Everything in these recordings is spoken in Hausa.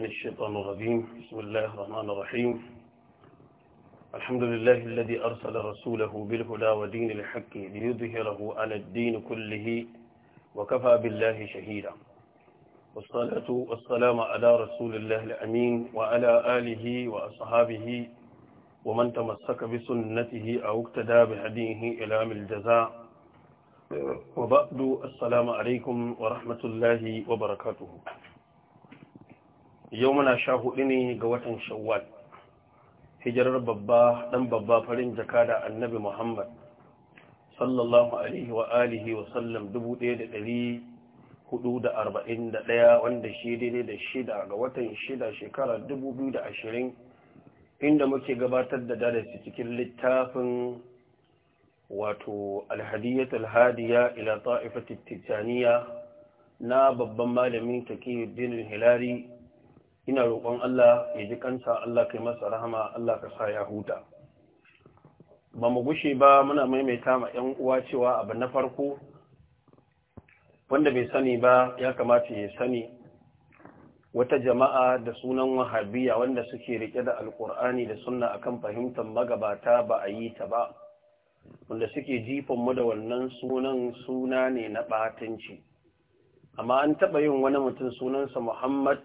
من الشيطان الرجيم بسم الله الرحمن الرحيم الحمد لله الذي أرسل رسوله بالهدى ودين الحق ليظهره على الدين كله وكفى بالله شهيدا والصلاة والسلام على رسول الله الأمين وعلى آله وأصحابه ومن تمسك بسنته أو اقتدى بهديه إلى الجزاء وبعد السلام عليكم ورحمة الله وبركاته yau muna sha hudu ne ga watan shawwal hijirar babba dan babba farin jaka da annabi muhammad sallallahu alaihi wa alihi wa sallam 1441 wanda shi daidai da shida ga watan shida shekara 2020 inda muke gabatar da darasi cikin littafin wato alhadiyatul hadiya ila ta'ifatit titaniya na babban malamin taqiyuddin hilari. ina roƙon Allah ya ji kansa Allah kai masa rahama Allah ka sa ya huta ba mu gushe ba muna maimaita ma 'yan uwa cewa abu na farko wanda bai sani ba ya kamata ya sani wata jama'a da sunan wahabiya wanda suke rike da alkur'ani da sunna akan fahimtar magabata ba a yi ta ba wanda suke mu da wannan sunan suna ne na ɓatanci amma an taɓa yin wani mutum sunansa muhammad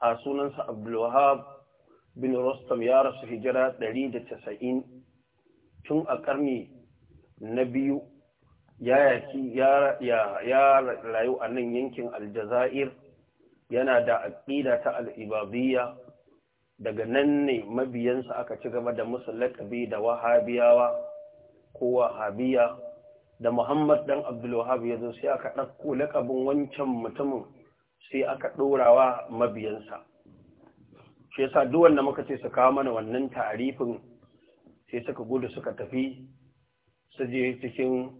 a sunansa abdulwahab bin rostam ya rasu hijira 190 tun a ƙarni na biyu ya yaki ya rayu a nan yankin aljazair yana da aƙida ta al'ibabiyya daga nan ne mabiyansa aka ci gaba da musu laƙabi da wahabiyawa ko wahabiya da muhammad dan abdulwahab ya zo sai aka ɗauko laƙabin wancan mutumin sai aka ɗorawa mabiyansa shi yasa duk wanda muka ce su kawo mana wannan tarifin sai suka gudu suka tafi su je cikin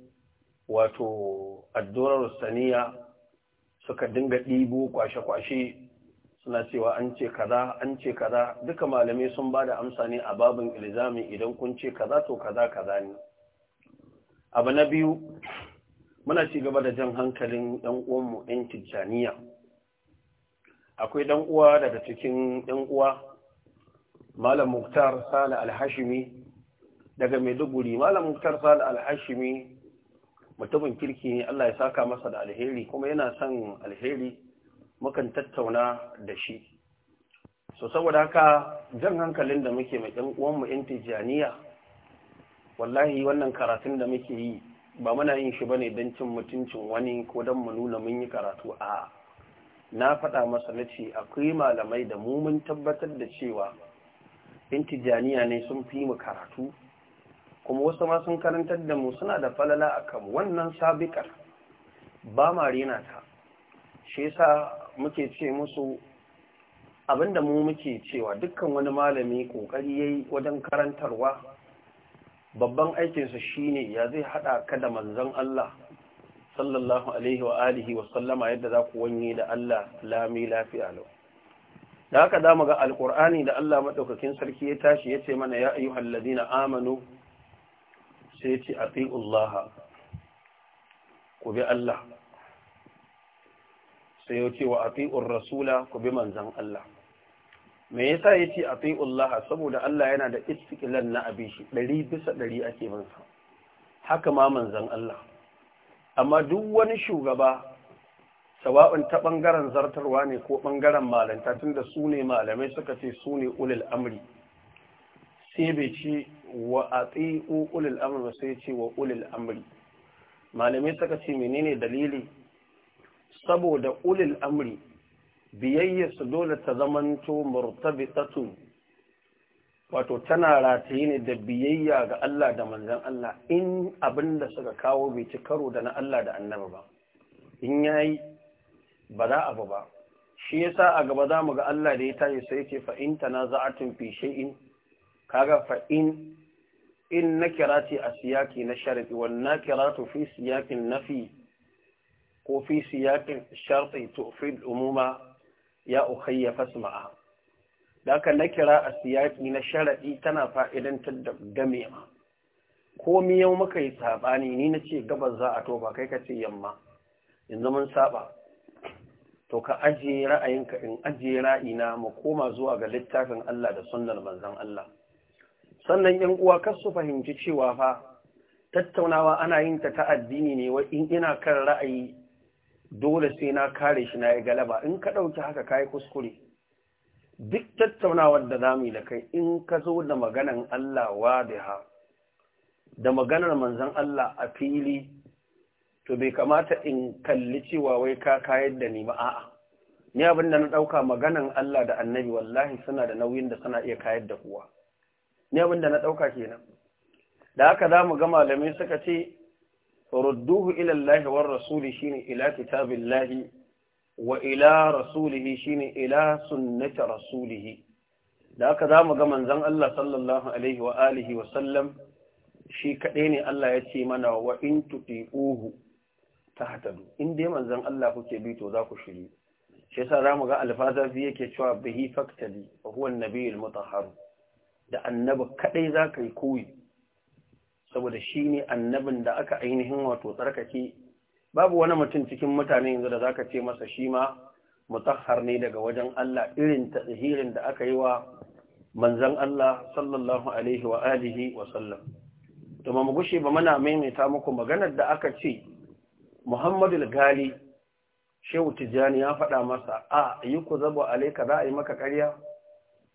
wato addurar saniya suka dinga ɗibo kwashe-kwashe suna cewa an ce kaza an ce kaza duka malamai sun ba da amsa ne a babin ilzami idan kun ce kaza to kaza kaza ne abu na biyu muna ci gaba da jan hankalin 'yan uwanmu 'yan tijjaniya akwai dan uwa daga cikin ɗan uwa malam muktar Sani alhashimi daga maiduguri malam muktar sale alhashimi mutumin kirki ne allah ya saka masa da alheri kuma yana son alheri mukan tattauna da shi so saboda haka jan hankalin da muke mai ɗan uwanmu yan tijjaniya wallahi wannan karatun da muke yi ba muna yin shi bane don cin mutuncin wani ko don mu nuna mun yi karatu a na faɗa masa na ce akwai malamai da mu mun tabbatar da cewa in tijaniya ne sun fi mu karatu kuma wasu ma sun karantar da mu suna da falala a kan wannan sabiƙar ba ma rena ta shi yasa muke ce musu abinda mu muke cewa dukkan wani malami kokari yi wajen karantarwa babban aikinsa shine ya zai haɗa ka da manzon Allah sallallahu alaihi wa alihi wa sallama yadda za ku wanye da Allah lami lafiya lau da haka za mu ga alkur'ani da Allah maɗaukakin sarki ya tashi yace mana ya ayyuhal ladina amanu sai ya ce Allah ku bi Allah sai ya ce wa atiur rasula ku bi manzan Allah me yasa ya ce Allah saboda Allah yana da istiqlal na abishi ɗari bisa ɗari ake mansa haka ma manzan Allah amma duk wani shugaba sawa'un ta ɓangaren zartarwa ne ko ɓangaren malanta tun da su ne malamai suka ce su ne ulil amri sai bai ce wa a tsi'u ulil amri ba sai ce wa ulil amri malamai suka ce menene dalili saboda ulil amri biyayyarsu dole ta zamanto murtabitatun wato tana rataye ne da biyayya ga Allah da manzan Allah in abin da suka kawo bai ci karo da na Allah da annabi ba in yayi ba za a ba shi yasa a gaba za mu ga Allah da ya tashi sai ce fa in a fi shay'in kaga fa in in a siyaki na sharfi wan nakiratu fi siyakin nafi ko fi siyakin sharti tufid umuma ya ukhayya fasma'a da aka na kira a na sharaɗi tana fa'idantar da game ma ko miyau muka yi saɓani ni na ce gabas za a toba kai ka ce yamma yanzu mun saɓa to ka ajiye ra'ayinka in ajiye ra'ina mu koma zuwa ga littafin Allah da sunnar manzan Allah sannan ‘yan uwa kar su fahimci cewa fa tattaunawa ana yin ta ta addini ne wa in ina kan ra'ayi dole sai na kare shi na ya galaba in ka ɗauki haka kayi kuskure duk tattaunawar da zamu yi da kai in ka zo da maganan Allah wadiha da maganar manzon Allah a fili to bai kamata in kalli cewa wai ka kayar da ni ba a'a ni abin da na ɗauka maganan Allah da annabi wallahi suna da nauyin da suna iya kayar da kuwa. ni abin da na ɗauka kenan da haka za mu ga malamai suka ce rudduhu ilallahi war rasuli shine ila kitabillahi wa ila rasulihi shine ila sunnati rasulihi da aka zamu ga manzon Allah sallallahu alaihi wa alihi wa sallam shi kaɗai ne Allah ya ce mana wa in tuti'uhu tahtadu in dai manzon Allah kuke bi to za ku shiri shi yasa zamu ga alfazafi yake cewa bihi faktali wa huwa an-nabiyul mutahhar da annabi kaɗai zakai koyi saboda shine annabin da aka ainihin wato tsarkake babu wani mutum cikin mutane yanzu da zaka ce masa shi ma mutahhar ne daga wajen Allah irin tazhirin da aka yi wa manzon Allah sallallahu alaihi wa alihi wa sallam to mu gushe ba muna maimaita muku maganar da aka ce Muhammadul Gali Shehu Tijjani ya faɗa masa a yi ku zabo alaika za a yi maka ƙarya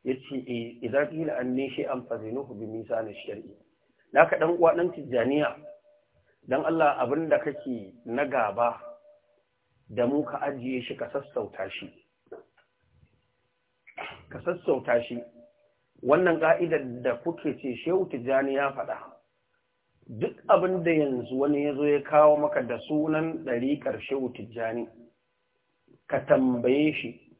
ya ce eh, idan ƙila an shi an fazinuhu bi nisa na naka dan uwa dan Tijjaniya don Allah abin da kake na gaba da mu ka ajiye shi ka sassauta shi ka sassauta shi wannan ka'idar da kuke ce shehu tijjani ya faɗa duk abin da yanzu wani ya zo ya kawo maka da sunan ɗarikar shehu tijjani ka tambaye shi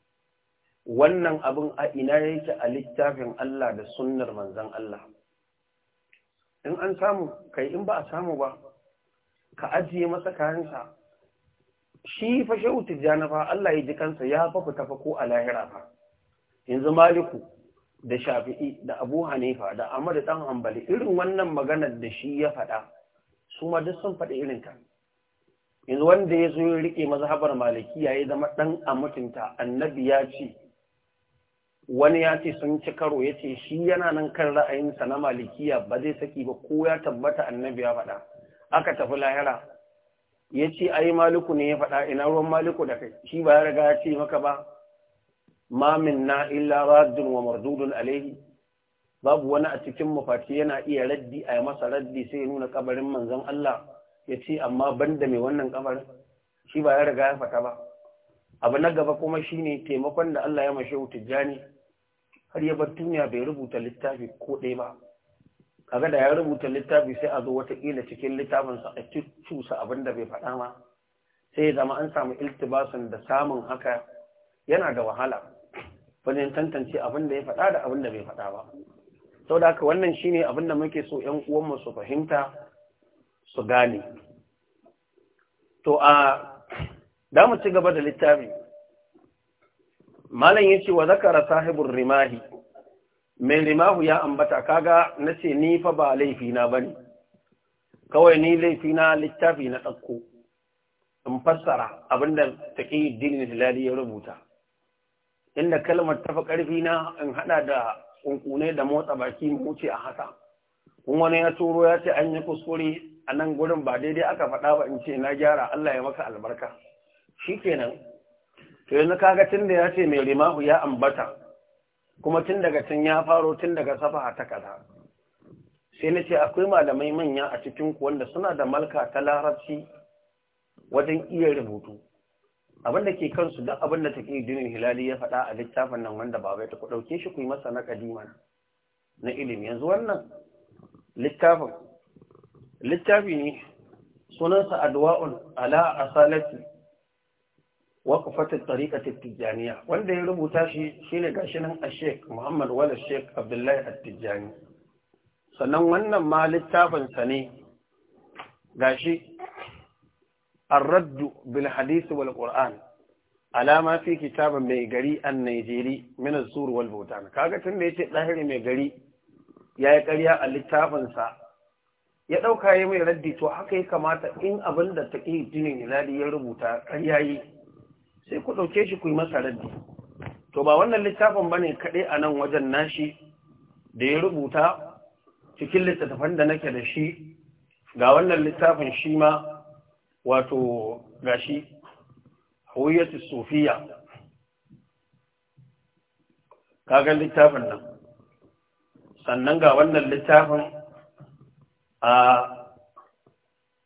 wannan abin a ina yake a littafin Allah da sunnar manzan Allah in an samu kai in ba a samu ba ka ajiye masa kayansa shi fa shehu tijjani fa Allah ya ji kansa ya fa fita fa ko a lahira fa yanzu maliku da shafi'i da abu hanifa da amadu ɗan hambali irin wannan maganar da shi ya faɗa su ma duk sun faɗi irin ta yanzu wanda ya zo ya rike mazhabar maliki ya yi zama ɗan a mutunta annabi ya ce wani ya ce sun ci karo ya ce shi yana nan kan ra'ayinsa na malikiya ba zai saki ba ko ya tabbata annabi ya faɗa aka tafi lahira ya ce a yi maliku ne ya faɗa ina ruwan maliku da kai shi ba ya riga ya ce maka ba mamin na illa raddun wa mardudun alaihi babu wani a cikin mafati yana iya raddi a yi masa raddi sai ya nuna kabarin manzon Allah ya ce amma ban da mai wannan kabarin shi ba ya riga ya fata ba abu na gaba kuma shi ne taimakon da Allah ya mashe tijjani har ya bar duniya bai rubuta littafi ko ɗaya ba kaga da ya rubuta littafi sai a zo watakila cikin littafinsa a cusa abin da bai faɗa ma sai ya zama an samu iltibasin da samun haka yana da wahala wajen tantance abin da ya faɗa da abin da bai faɗa ba sau da haka wannan shine abin da muke so ‘yan uwanmu su fahimta su gane to a da ci gaba da littafi malam ya ce wa zakara sahibin rimahi mai limahu ya ambata kaga na ce ni fa ba laifina ba ne kawai ni laifina littafi na tsakko. in fassara abinda ƙi dinin hilali ya rubuta inda kalmar tafi ƙarfi na in haɗa da ƙunƙune da motsa baki wuce a haka kun wani ya turo ya ce an yi kuskure a nan gurin ba daidai aka faɗa ba in ce na gyara Allah ya maka albarka shikenan to yanzu kaga tunda ya ce mai limahu ya ambata kuma tun daga can ya faro tun daga safaha ta kaza sai na ce akwai malamai manya a cikin ku wanda suna da malka ta larabci wajen iya rubutu abin da ke kansu don abin da ke dinin hilali ya faɗa a littafin nan wanda babai ta ku ɗauke shi ku yi masa na kadima na ilimi yanzu wannan littafin littafi ne sunansa adwa'un ala asalati waqfat at-tariqat wanda ya rubuta shi shine gashi nan Sheikh Muhammad Wala Sheikh Abdullahi at tijjani sannan wannan ma littafinsa ne gashi الرد بالحديث والقرآن على mai gari كتاب ميغري النيجيري من الزور والبوتان kaga tunda yace dahiri mai gari yi ƙarya a littafinsa? ya ɗauka ya mai raddi to haka ya kamata in abin da take jinin ilali ya rubuta ƙarya yi sai ku ɗauke shi ku yi masa raddi to ba wannan littafin ba ne kaɗai a nan wajen nashi da ya rubuta cikin littattafan da nake da shi ga wannan littafin shi ma wato gashi hawiyatu sufiya kagan littafin nan sannan ga wannan littafin a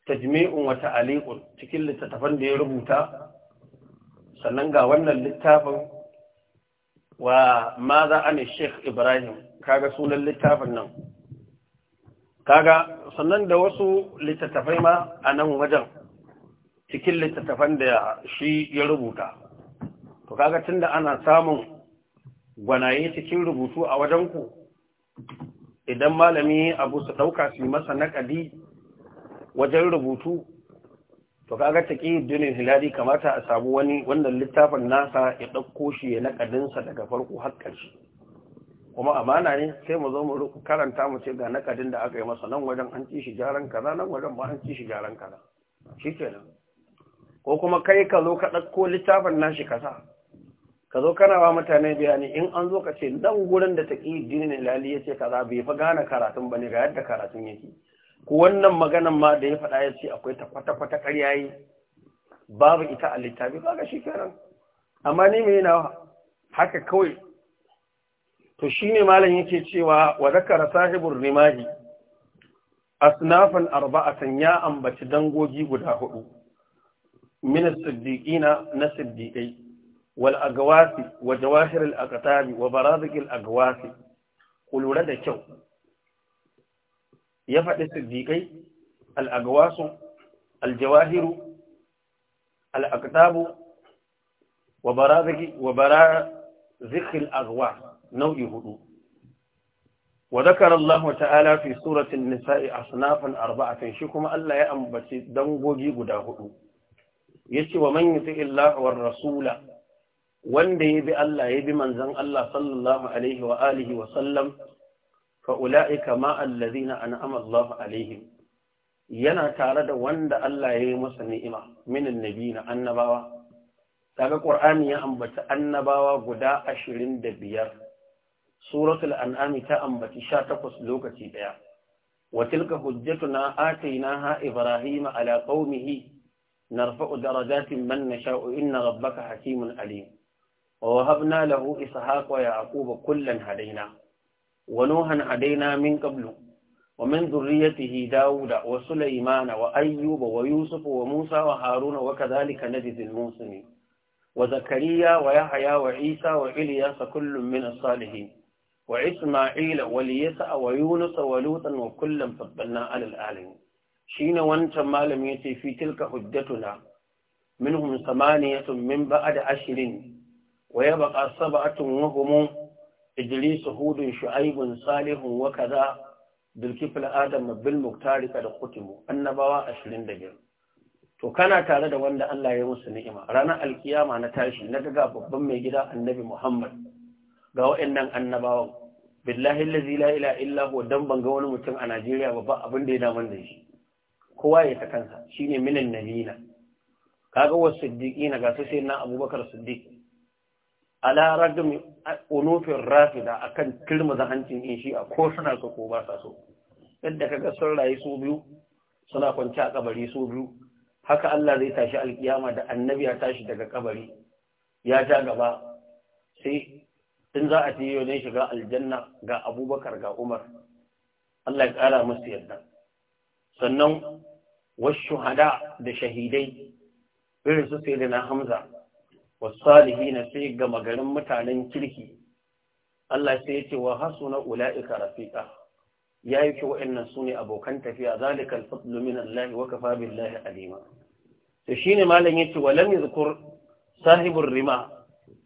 tajmi'un wata aliƙun cikin littattafan da ya rubuta sannan ga wannan littafin wa ma za a ne sheikh ibrahim kaga sunan littafin nan kaga sannan da wasu littattafai ma a nan wajen cikin littattafan da shi ya rubuta to kaga tunda ana samun gwanaye cikin rubutu a wajen ku idan malami abu su ɗauka su yi masa naƙadi wajen rubutu to kaga taqi dunin hilali kamata a samu wani wannan littafin nasa ya dauko shi ya nakadinsa daga farko har ƙarshe kuma amana ne sai mu zo mu karanta mu ce ga nakadin da aka yi masa nan wajen an ci shi jaran kaza nan wajen ba an ci shi jaran kaza shikenan ko kuma kai ka zo ka dauko littafin nashi kasa ka zo kana wa mutane bayani in an zo ka ce dan gurin da taqi dunin hilali yace kaza bai fa gane karatun bane ga yadda karatun yake ko wannan maganan ma da ya faɗa ya ce akwai ta kwata-kwata ƙaryayi babu ita a littafi ba ga shi kenan amma ni mai yana haka kawai to shi ne malam yake cewa wa zakara sahibur rimahi asnafan arba'atan ya ambaci dangogi guda hudu min as-siddiqina na siddiqai wal agwasi wa jawahir al aqtabi wa barazik al agwasi kulura da kyau ya faɗi siddiƙai al'agawasu aljawahiru al'aktabu wa bara zikil agwa nau'i hudu wa zakarar Allah ta'ala fi suratun nisa'i a sunafin arba'afin shi kuma Allah ya ambaci dangogi guda hudu ya ce wa man yi rasula wanda ya bi Allah ya bi manzan Allah sallallahu Alaihi wa'alihi wa sallam فأولئك ما الذين أنعم الله عليهم yana tare da wanda Allah ya yi masa ni'ima minin nabi na annabawa daga ƙur'ani ya ambaci annabawa guda ashirin da biyar suratul an'ami ta ambaci sha takwas lokaci ɗaya wa tilka hujjatuna atainaha ibrahima ala qaumihi narfa'u darajatin man nasha'u inna rabbaka hakimun alim wa wahabna lahu ishaqa wa yaquba kullan hadaina ونوحا هدينا من قبل ومن ذريته داود وسليمان وأيوب ويوسف وموسى وهارون وكذلك نجد الموسمين وزكريا ويحيى وعيسى وإلياس كل من الصالحين وإسماعيل وليسع ويونس ولوطا وكلا فضلنا على الآلين شين وانت ما لم يتي في تلك حجتنا منهم ثمانية من بعد عشرين ويبقى سبعة وهم idris hudun shu'aibun salihun wa kaza bilkifil adam bil muktari da mu. annabawa 25 to kana tare da wanda Allah ya musu ni'ima ranar alkiyama na tashi na ga babban mai gida annabi Muhammad ga waɗannan annabawan billahi allazi la ilaha illa huwa dan ban ga wani mutum a Najeriya ba ba abin da ya man da shi kowa ya ta kansa shine minan nabina kaga wasu siddiqina ga su sai na Abubakar Siddiq ala ragmi unufin rafida akan kirmaza hancin in shi a ko suna ka ko ba sa so yadda kaga sun rayu su biyu suna kwanci a kabari su biyu haka Allah zai tashi alkiyama da annabi ya tashi daga kabari ya ja gaba sai in za a tiyo ne shiga aljanna ga abubakar ga umar Allah ya kara musu yadda sannan wasu hada da shahidai irin su sai da na hamza wasalihina sai gama garin mutanen kirki Allah sai ya ce wa hasuna ula'ika Ya yi ki wa'annan sune abokan tafiya zalikal fadlu Allah wa kafa billahi alima shi ne malam yace wa lam yadhkur sahibin rima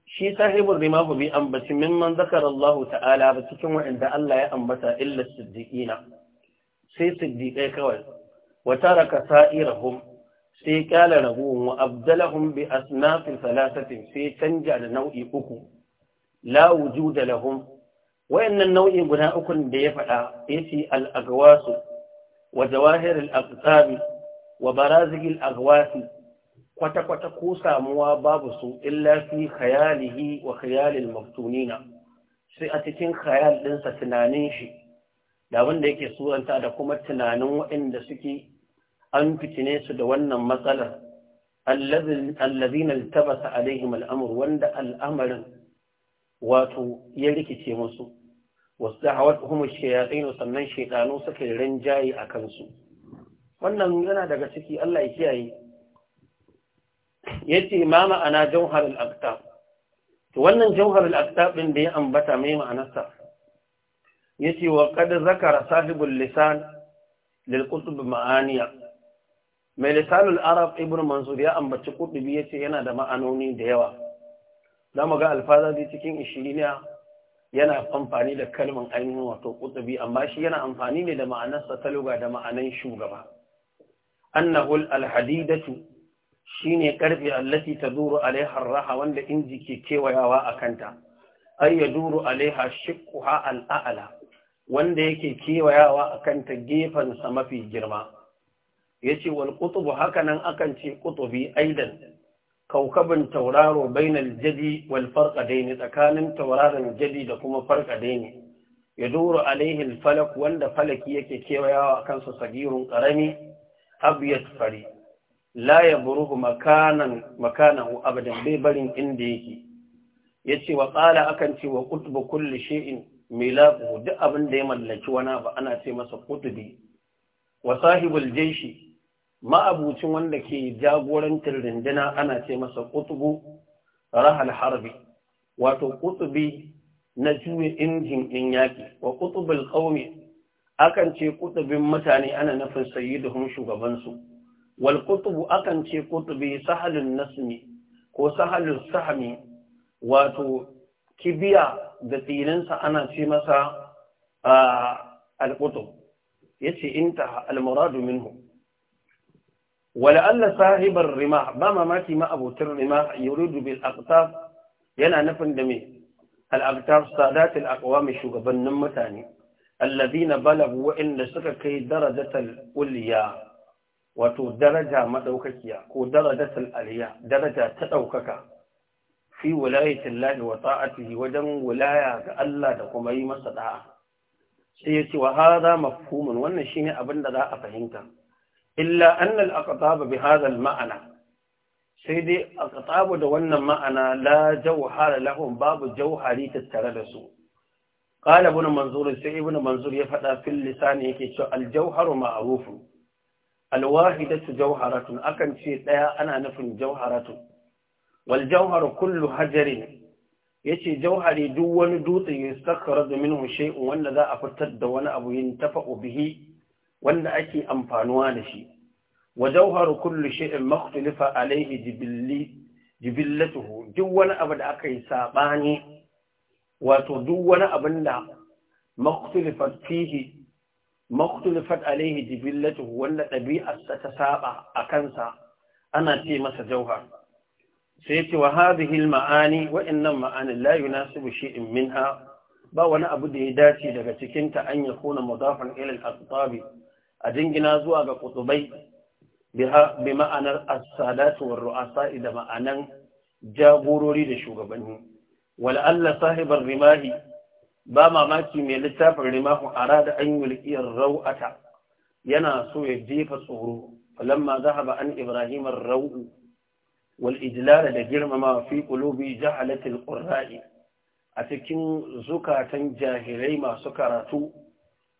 shi sahibin rima bi ambaci mimman zakar Allah ta'ala ba cikin wa'anda Allah ya ambata illa siddiƙina. sai siddiƙai kawai wa taraka sa'irahum sai kala rabu wa abdalahum bi asnafin Salasatin sai canja da nau'i uku la wujuda lahum wayannan nau'i guda ukun da ya faɗa yace al aghwasu wa jawahir al-aqtabi wa barazig al-agwasi kwata kwata ko samuwa babu su illa fi khayalihi wa khayal al-maftunina sai a cikin khayal ɗinsa tunanin shi da wanda yake suranta da kuma tunanin waɗanda suke an fitine su da wannan matsalar allazina tabasa alaihim al'amur wanda al'amarin wato ya rikice musu wasu da hawar hukumar shayatsinu sannan shaidanu suka yi rinjaye a kansu wannan yana daga ciki Allah ya kiyaye ce ma ma'ana jawhar al-aqtab to wannan jawhar al-aqtab din da ya ambata mai ma'anarsa ce wa qad zakara sahibul lisan lil qutb ma'aniya mai lisanul arab ibn mansur ya ambaci kudubi ya ce yana da ma'anoni da yawa za mu ga alfazazi cikin ishiriniya yana amfani da kalmin ainihin wato kudubi amma shi yana amfani ne da ma'anarsa ta luga da ma'anan shugaba annahul alhadidatu shine karfe allati duru alaihar raha wanda inji ke kewayawa a kanta ay yaduru alaiha shiqquha al'ala wanda yake kewayawa a kanta gefen sa mafi girma yace wal qutbu hakanan akan ce qutbi aidan kaukabin tauraro bainar jadi wal farqadaini tsakanin tauraron jadi da kuma farqadaini Ya alaihi al falak wanda falaki yake kewayawa a kansa sagirun ƙarami abyad fari la yabruhu makanan makanahu abadan bai barin inda yake yace wa qala akan ce wa qutbu kulli shay'in milaku duk abin da ya mallaki wani ba ana ce masa qutbi wa sahibul jayshi ma'abucin wanda ke jagorantar rindina ana ce masa kutubu rahal harbi wato kutubi na juye injin ɗin yaƙi wa kutubul qaumi akan ce kutubin mutane ana nufin sayyiduhum shugabansu wal kutubu akan ce kutubi sahalun nasmi ko sahalun sahmi wato kibiya da tsininsa ana ce masa ah, al-kutub yace inta al-muradu minhu wala Allah sahibar rimah ba mamaki ma abotar rimah yuridu bil aqtab yana nufin da me al aqtab sadatul aqwam shugabannin mutane alladhina balagu wa inda suka kai darajatul ulya wato daraja madaukakiya ko darajatul aliya daraja ta daukaka fi wilayatin lahi wa ta'atihi wajen wilaya ga Allah da kuma yi masa da'a sai ya ce wa hada mafhumun wannan shine abin da za a fahimta illa annal aqtab bi hadha al ma'ana sai dai aqtab da wannan ma'ana la jawhara lahum babu jawhari tattare da su qala ibn manzur sai ibn manzur ya fada fil lisani yake cewa al jawharu ma'rufun al wahidatu jawharatun akan ce daya ana nufin jauharatu. wal jawharu kullu hajarin yace jauhari duk wani dutse ya sakara da minhu shay'un wanda za a fitar da wani abu yin tafa'u bihi wanda ake amfanuwa da shi wa jawharu kullu shay'in makhtalifa alayhi jibilli jibillatuhu duk wani abu da aka yi sabani wato duk wani abin da makhtalifat fihi makhtalifat alayhi jibillatuhu wanda ɗabi'arsa ta saba a kansa ana ce masa Jauhar. sai yace wa hadhihi al-ma'ani wa innam ma'ani la yunasibu shay'in minha ba wani abu da ya dace daga cikinta an yakuna mudafan ila al-aqtabi a jingina zuwa ga kutubai bi ma'anar as-sadatu ru'asa da ma'anan jagorori da shugabanni wal alla sahibar rimahi ba mamaki mai littafin rimahu arada an yulqiyar rau'ata yana so ya jefa tsoro falamma zahaba an ibrahim rauu wal ijlal da girmama fi qulubi jahalatil qurra'i a cikin zukatan jahilai masu karatu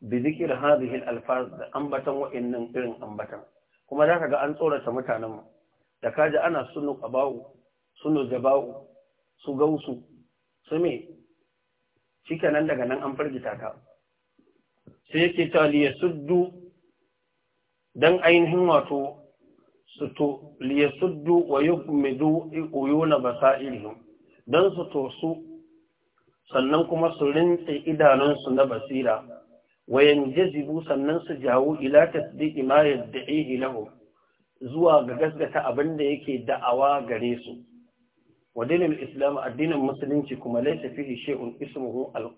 bizikir zikir hadhihi alfaz da ambatan wa'annan irin ambatan kuma zaka ga an tsorata mutanen mu da kaji ana sunu qabau sunu jabau su gausu su me shikenan daga nan an fargita ka sai yake ta li yasuddu dan ainihin wato su to li yasuddu wa yughmidu uyuna basairihim dan su to su sannan kuma su rintse idanunsu na basira وينجذبوا سنن سجاو إلى تصديق ما يدعيه له زوا غغزغتا abin da yake da'awa gare su wadinin islam addinin musulunci kuma laysa fihi shay'un ismuhu al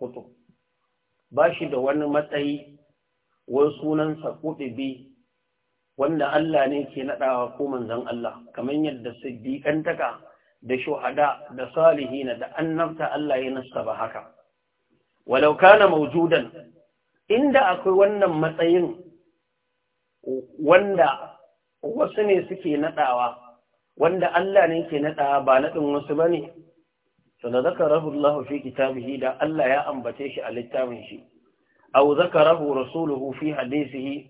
bashi da wani matsayi wani sunansa sa wanda Allah ne ke naɗawa, ko manzon Allah kamar yadda siddiqan taka da shuhada da salihina da annabta Allah ya nasaba haka walau kana maujudan? inda akwai wannan matsayin wanda wasu ne suke naɗawa wanda Allah ne ke naɗawa ba naɗin wasu ba ne to da zakarahu Allah fi kitabihi da Allah ya ambace shi a littafin shi aw zakarahu rasuluhu fi hadisihi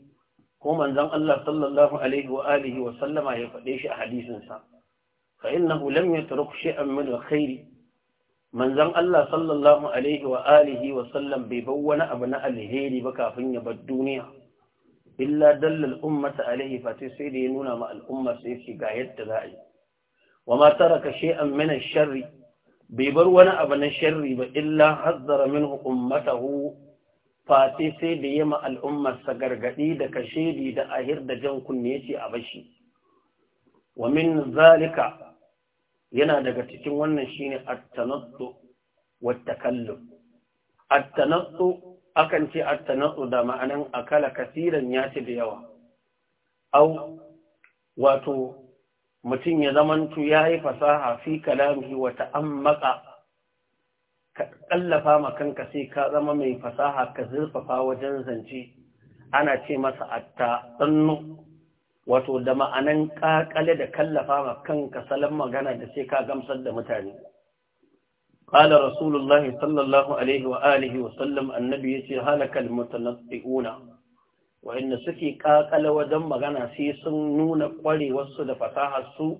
ko manzon Allah sallallahu alaihi wa alihi wa sallama ya faɗe shi a hadisin sa fa innahu lam yatruk shay'an min al-khairi manzon Allah sallallahu alaihi wa alihi wa sallam bai bar wani abu na alheri ba kafin ya bar duniya illa dalla ummata alaihi Fati sai da ya nuna ma al'umma sai shi ga yadda za a yi wa ma taraka shay'an min ash-sharri bai bar wani abu na sharri ba illa hazzara minhu ummatahu Fati sai da ya ma al'ummar sa gargadi da kashedi da ahir da jan kunne yace a bashi wa min zalika yana daga cikin wannan shine at-tanattu wa takallum at akan ce at da ma'anan akala kasiran ya ci da yawa au wato mutum ya zamantu ya yi fasaha fi kalamihi wa ta'ammaka ka kallafa ma kanka sai ka zama mai fasaha ka zurfafa wajen zance ana ce masa atta tsannu wato da ma'anan ƙaƙale da kallafa ma kanka salon magana da sai ka gamsar da mutane. Ƙala Rasulullahi sallallahu Alaihi wa alihi wa sallam annabi ya ce halakal mutanatti'una wa'inda suke ƙaƙale wajen magana sai sun nuna ƙwarewarsu da su.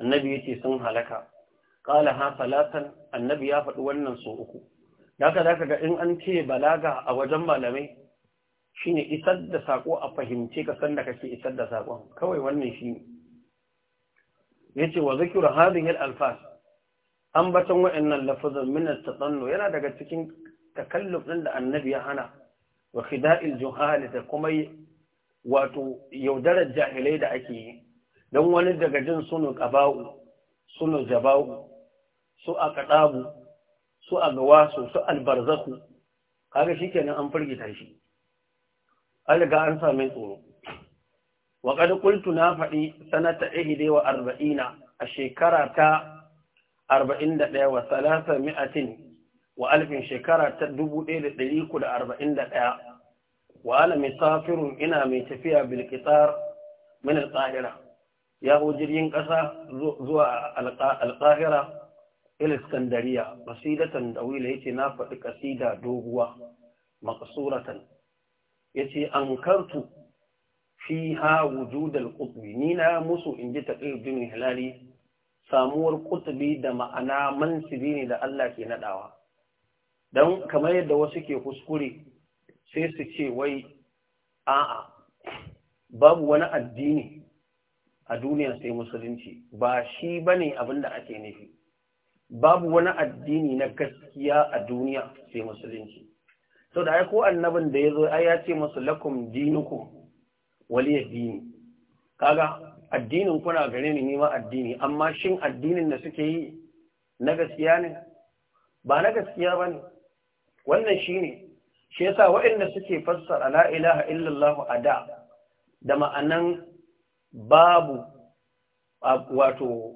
annabi ya ce sun halaka. Ƙala ha salatan annabi ya faɗi wannan so uku. Daka daka ga in an ce balaga a wajen malamai shine isar da sako a fahimce ka sanda kake isar da sakon kawai wannan shi yace wa zikru hadhihi al-alfaz ambaton wa'annan lafazan min at-tadannu yana daga cikin takalluf din da annabi ya hana wa khida'il juhal da kuma wato yaudarar jahilai da ake yi don wani daga jin sunu qaba'u sunu jaba'u su a kadabu su a gawasu su albarzaku kaga shikenan an firgita shi an riga an sami tsoro wa qad na faɗi sanata ihdi wa arba'ina a shekara ta arba'in da ɗaya wa salasa mi'atin wa alfin shekara ta dubu ɗaya da ɗari ku da arba'in da ɗaya wa ana ina mai tafiya bilkitar min alƙahira ya hau jirgin ƙasa zuwa alƙahira iliskandariya masidatan da wila yace na faɗi ƙasida doguwa maƙasuratan yace ankartu fi wujud al-qutbi ni na musu in ji taqiyuddin hilali samuwar qutbi da ma'ana mansibi ne da Allah ke nadawa dan kamar yadda wasu ke kuskure sai su ce wai a'a babu wani addini a duniya sai musulunci ba shi bane abin da ake nufi babu wani addini na gaskiya a duniya sai musulunci so da ai ko annabin da yazo ai ya ce musu lakum dinukum waliya dini kaga addinin kuna gare ni nima addini amma shin addinin da suke yi na gaskiya ne ba na gaskiya bane wannan shine shi yasa waɗanda suke fassara la ilaha illallah ada da ma'anan babu wato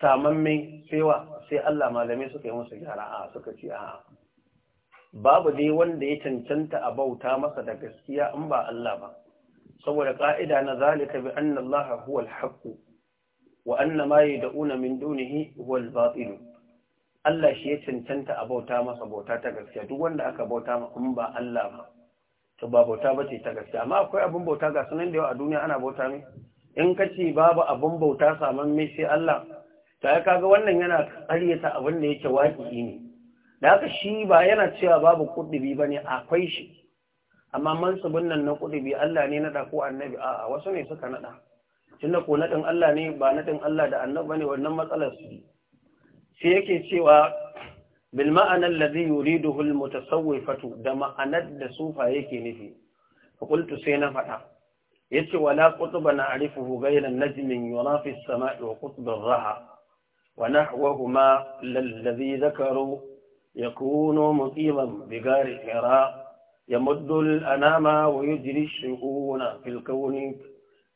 samamme sewa sai Allah malamai suka yi musu gyara a suka ce a babu dai wanda ya cancanta a bauta masa da gaskiya in ba Allah ba saboda ka'ida na zalika bi anna Allah huwa al-haqq wa anna ma yad'una min dunihi huwa al-batil Allah shi ya cancanta a bauta masa bauta ta gaskiya duk wanda aka bauta ma in ba Allah ba to ba bauta bace ta gaskiya amma akwai abin bauta ga sunan da yau a duniya ana bauta ne? in ka babu abun bauta saman mai sai Allah ta ya kaga wannan yana ƙaryata abin da yake waƙi ne da haka shi ba yana cewa babu kudubi ba ne akwai shi amma mansubin nan na kudubi Allah ne naɗa ko annabi a wasu ne suka naɗa tunda ko naɗin Allah ne ba naɗin Allah da annabi ba ne wannan matsalar su sai yake cewa bil ma'anar ladhi yuriduhu al mutasawwifatu da ma'anar da sufa yake nufi fa qultu sai na faɗa yace wala qutba na'rifuhu ghayra najmin yurafi as-sama'i wa qutb ar-raha ونحوهما للذي ذكروا يكون مصيبا بغير حراء يمد الأنام ويجري الشؤون في الكون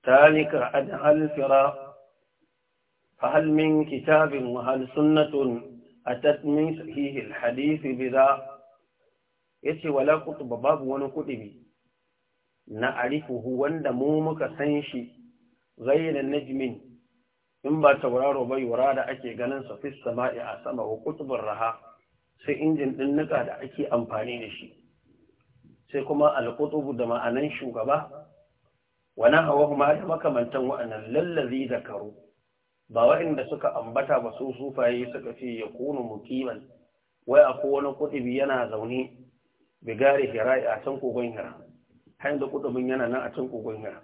ذلك أدهى الفراء فهل من كتاب وهل سنة أتت من صحيح الحديث بذا يتي ولا قطب باب ونقطب نعرفه واندمومك سنشي غير النجم إن با تورار بي وراد أكي غننس في السماء أسمه قطب الرهاق sai injin ɗin nika da ake amfani da shi sai kuma alƙutubu da ma'anan shugaba wani hawa kuma da makamantan wa'annan lallazi da karo ba wa'inda suka ambata ba su sufaye suka ce ya kunu mukiman wai a kowane kuɗi yana zaune bigare hira a can kogon hira hanyar da kutubin yana nan a can kogon hira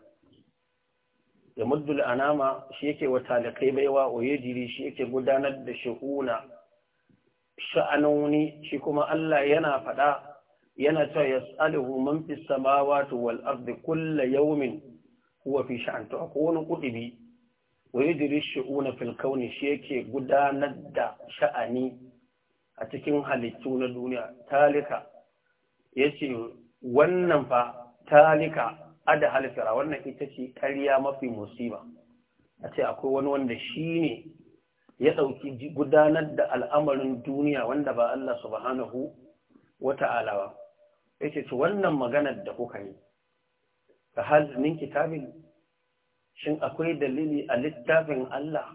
ya muddul anama shi yake wa talakai baiwa oyejiri shi yake gudanar da shi'una sha'anoni shi kuma Allah yana faɗa yana cewa yas'aluhu man fis samawati wal ardi kullu yawmin huwa fi sha'an to akwai wani kudubi waye diri shu'una fil kauni shi yake gudanar da sha'ani a cikin halittu na duniya talika yace wannan fa talika ada a wannan ita ce ƙarya mafi musiba a ce akwai wani wanda shi ne ya ɗauki gudanar da al'amarin duniya wanda ba Allah subhanahu wa ta'ala ba yace to wannan maganar da kuka yi ka hal kitabin shin akwai dalili a littafin Allah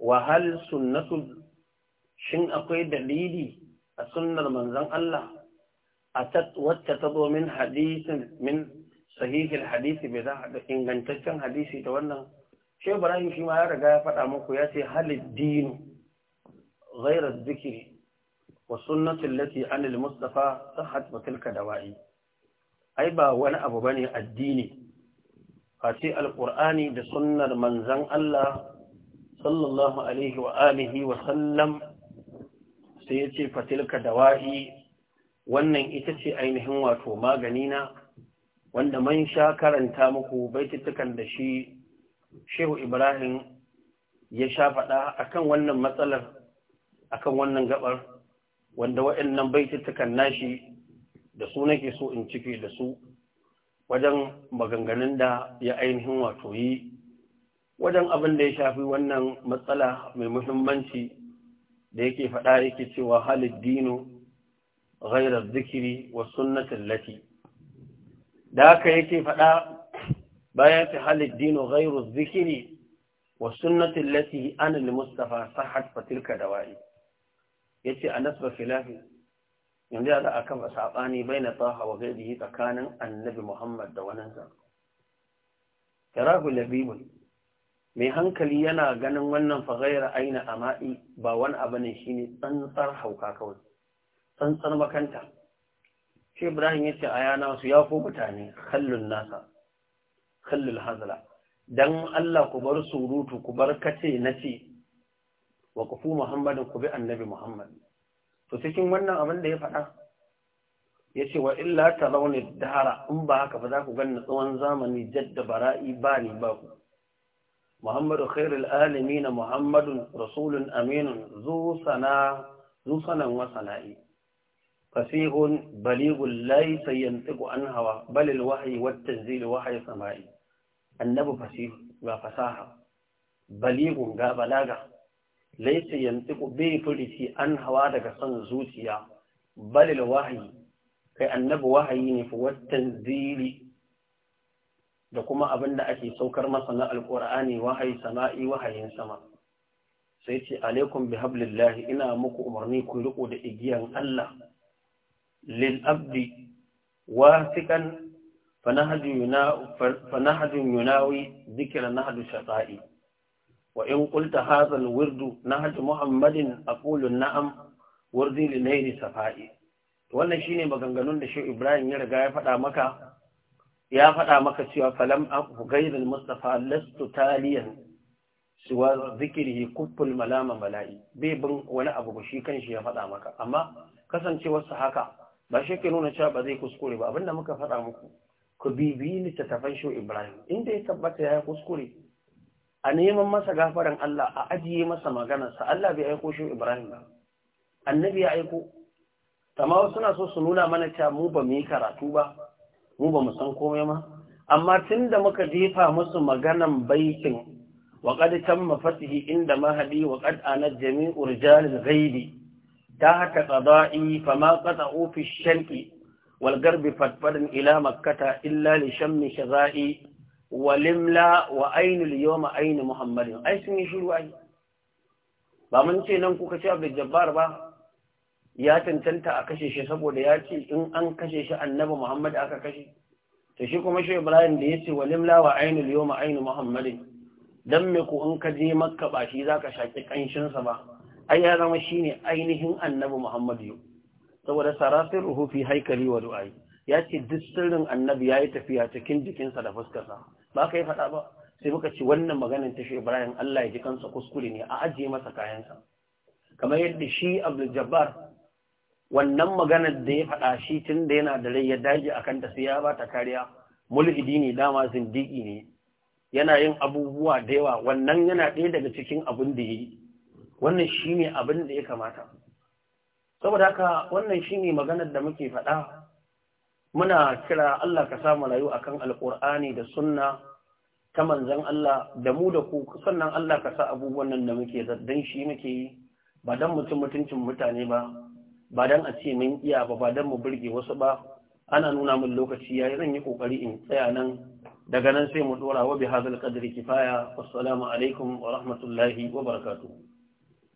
wa hal shin akwai dalili a sunnar manzon Allah atat wacce ta zo min hadisin min sahihin hadisi bai za a ingantaccen hadisi ta wannan shi ibrahim shi ma ya riga ya faɗa muku ya ce halid dinu zikiri wa sunnatin lati anil mustafa sahat wa tilka Wai. ai ba wani abu bane addini face Alƙur'ani da sunnar manzon Allah sallallahu alaihi wa alihi wa sallam sai yace fatilka dawa'i wannan ita ce ainihin wato magani na wanda man sha karanta muku baitittukan da shi shehu ibrahim ya sha faɗa a kan wannan matsalar a kan wannan gaɓar, wanda waɗannan baitutukan nashi da su nake so in cike da su wajen maganganun da ya ainihin wato yi wajen abin da ya shafi wannan matsala mai muhimmanci da yake faɗa yake cewa halid dino ghairar zikiri wa sunnatin lati da haka yake faɗa bayan ta halid dino ghairu zikiri wa sunnatin lati ana li mustafa sahat fatilka da wa'i yace anas ba filafi yanzu za a kafa sabani baina taha wa gairihi tsakanin annabi muhammad da wani sa tarahu Labibu mai hankali yana ganin wannan fagaira aina ama'i ba wani abu ne ne tsantsar hauka kawai tsantsar makanta shi ibrahim yace ayana su ya fi mutane kallon nasa kallul hazla dan Allah ku bar surutu ku bar kace nace wa kufu muhammadin ku bi annabi muhammad to cikin wannan abin da ya faɗa yace wa illa tarawni dahara in ba haka ba za ku ganna tsawon zamani jadda bara'i ba ni ba ku muhammadu khairul alamin muhammadun rasulun aminun zu sana zu sanan wa sana'i fasihun balighul la yantiqu an hawa bal al wahyi wat tanzil wahyi sama'i Annabu fasihu ga fasaha baligun ga balaga laisa ku bai furici an hawa daga son zuciya balil wahayi kai annabi wahayi ne fi wattan zili da kuma abin da ake saukar masa na alkur'ani wahayi sama'i wahayin sama sai ce alaikum bi hablillahi ina muku umarni ku riko da igiyan Allah lil abdi wasiƙan. فنهج يناوي ذكر نهج الشقائي وإن قلت هذا الورد نهج محمد أقول نعم وردي لنهج صفائي wannan shine maganganun da shi Ibrahim ya riga ya faɗa maka ya faɗa maka cewa falam aku ghayril mustafa lastu taliyan siwa zikrihi kufful malama mala'i bai bin wani abu ba shi kanshi ya faɗa maka amma kasancewar sa haka ba shi ke nuna cewa ba zai kuskure ba abinda muka faɗa muku ku bibiyi littattafan sho Ibrahim inda ya tabbata ya yi kuskure a neman masa gafaran Allah a ajiye masa maganarsa Allah bai aiko sho Ibrahim ba annabi ya aiko amma suna so su nuna mana cewa mu ba mu yi karatu ba mu ba mu san komai ma amma tunda muka jefa musu maganan baitin wa qad tamma fatihi inda mahdi wa qad ana jami'u rijalil ghaibi ta haka qada'i fama qata'u fi shanqi والغرب فدفد إلى مكة إلا لشم شغائي walimla wa ainihin yawon ainihin muhammadin ai sun yi shiru ai ba mun ce nan kuka ce abin jabbar ba ya tantanta a kashe shi saboda ya ce in an kashe shi annaba muhammad aka kashe to shi kuma shi ibrahim da ya ce wa limla wa ainihin yawon ainihin muhammadin don me ku in ka je makka ba shi za ka kanshin sa ba ai ya zama shine ainihin annabi muhammad yau saboda ruhu, fi haikali wa du'ai ya ce duk sirrin annabi ya yi tafiya cikin jikinsa da fuskarsa ba yi faɗa ba sai muka ce wannan maganar ta Ibrahim Allah ya ji kansa kuskure ne a ajiye masa kayansa kamar yadda shi Abdul Jabbar wannan maganar da ya faɗa shi tun da yana da rai ya dage akan ta sai ya ba ta kariya mulhidi ne dama zindiki ne yana yin abubuwa da yawa wannan yana ɗaya daga cikin abin da ya yi wannan shi ne abin da ya kamata saboda haka wannan shine maganar da muke faɗa muna kira Allah ka samu rayu akan alqur'ani da sunna ta manzon Allah da mu da ku sannan Allah ka sa abubuwan nan da muke zaddan shi muke yi ba dan mutum mutuncin mutane ba ba dan a ce mun iya ba ba dan mu burge wasu ba ana nuna min lokaci yayi zan yi kokari in tsaya nan daga nan sai mu dora wa bi hadal qadri kifaya wassalamu alaikum wa rahmatullahi wa barakatuh